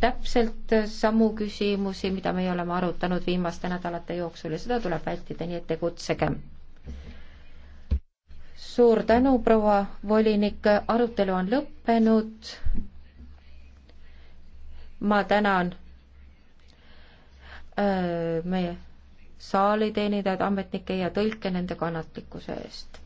täpselt samu küsimusi, mida meie oleme arutanud viimaste nädalate jooksul ja seda tuleb vältida, nii et tegutsege. suur tänu, proua volinik, arutelu on lõppenud. ma tänan öö, äh, meie saali teenindajaid, ametnikke ja tõlke nende kannatlikkuse eest